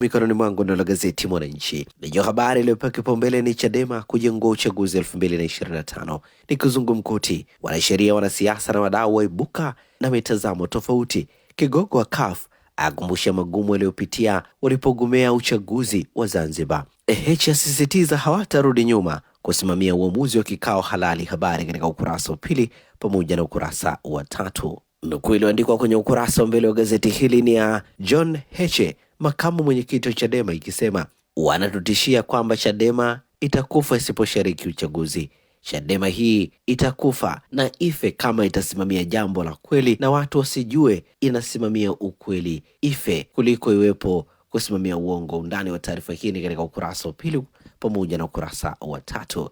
Mikononi mwangu la gazeti Mwananchi lenye habari iliyopewa kipaumbele ni Chadema kujengua uchaguzi 2025 ni kizungumkuti. Wanasheria, wanasiasa na wadau waibuka na mitazamo tofauti. Kigogo wa CUF akumbusha magumu yaliyopitia walipogomea uchaguzi wa Zanzibar. Eh, asisitiza hawatarudi nyuma kusimamia uamuzi wa kikao halali. Habari katika ukurasa wa pili pamoja na ukurasa wa tatu. Nukuu iliyoandikwa kwenye ukurasa wa mbele wa gazeti hili ni ya John Heche makamu mwenyekiti wa Chadema ikisema wanatutishia kwamba Chadema itakufa isiposhiriki uchaguzi. Chadema hii itakufa na ife kama itasimamia jambo la kweli na watu wasijue inasimamia ukweli, ife kuliko iwepo kusimamia uongo. Undani wa taarifa hii ni katika ukurasa wa pili pamoja na ukurasa wa tatu.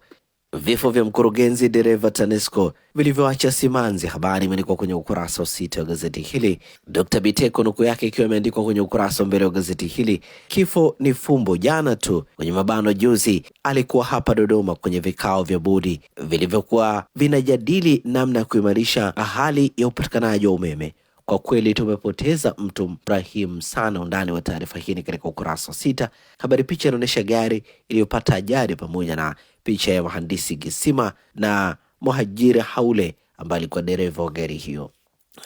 Vifo vya mkurugenzi dereva TANESCO vilivyoacha simanzi. Habari imeandikwa kwenye ukurasa wa sita wa gazeti hili. d Biteko nukuu yake ikiwa imeandikwa kwenye ukurasa wa mbele wa gazeti hili. Kifo ni fumbo, jana tu kwenye mabano, juzi alikuwa hapa Dodoma kwenye vikao vya bodi vilivyokuwa vinajadili namna ya kuimarisha hali ya upatikanaji wa umeme. Kwa kweli tumepoteza mtu mrahimu sana. Undani wa taarifa hii ni katika ukurasa wa sita. Habari picha inaonyesha gari iliyopata ajali pamoja na picha ya mhandisi Gisima na Mohajiri Haule ambaye alikuwa dereva wa gari hiyo.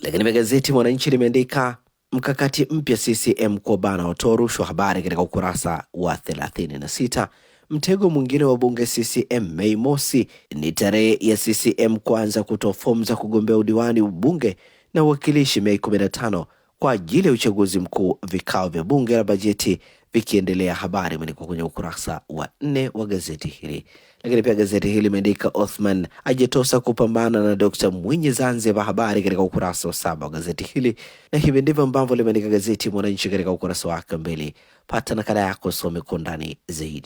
Lakini magazeti Mwananchi limeandika mkakati mpya CCM kuwabana watoa rushwa, habari katika ukurasa wa 36. Mtego mwingine wa bunge CCM, Mei Mosi ni tarehe ya CCM kuanza kutoa fomu za kugombea udiwani, ubunge na uwakilishi Mei 15 kwa ajili ya uchaguzi mkuu, vikao vya bunge la bajeti vikiendelea. Habari imeandikwa kwenye ukurasa wa nne wa gazeti hili. Lakini pia gazeti hili limeandika Othman ajitosa kupambana na Dr Mwinyi Zanzibar, habari katika ukurasa wa saba wa gazeti hili, na hivi ndivyo ambavyo limeandika gazeti Mwananchi katika ukurasa wake mbili. Pata nakala yako, some kwa undani zaidi.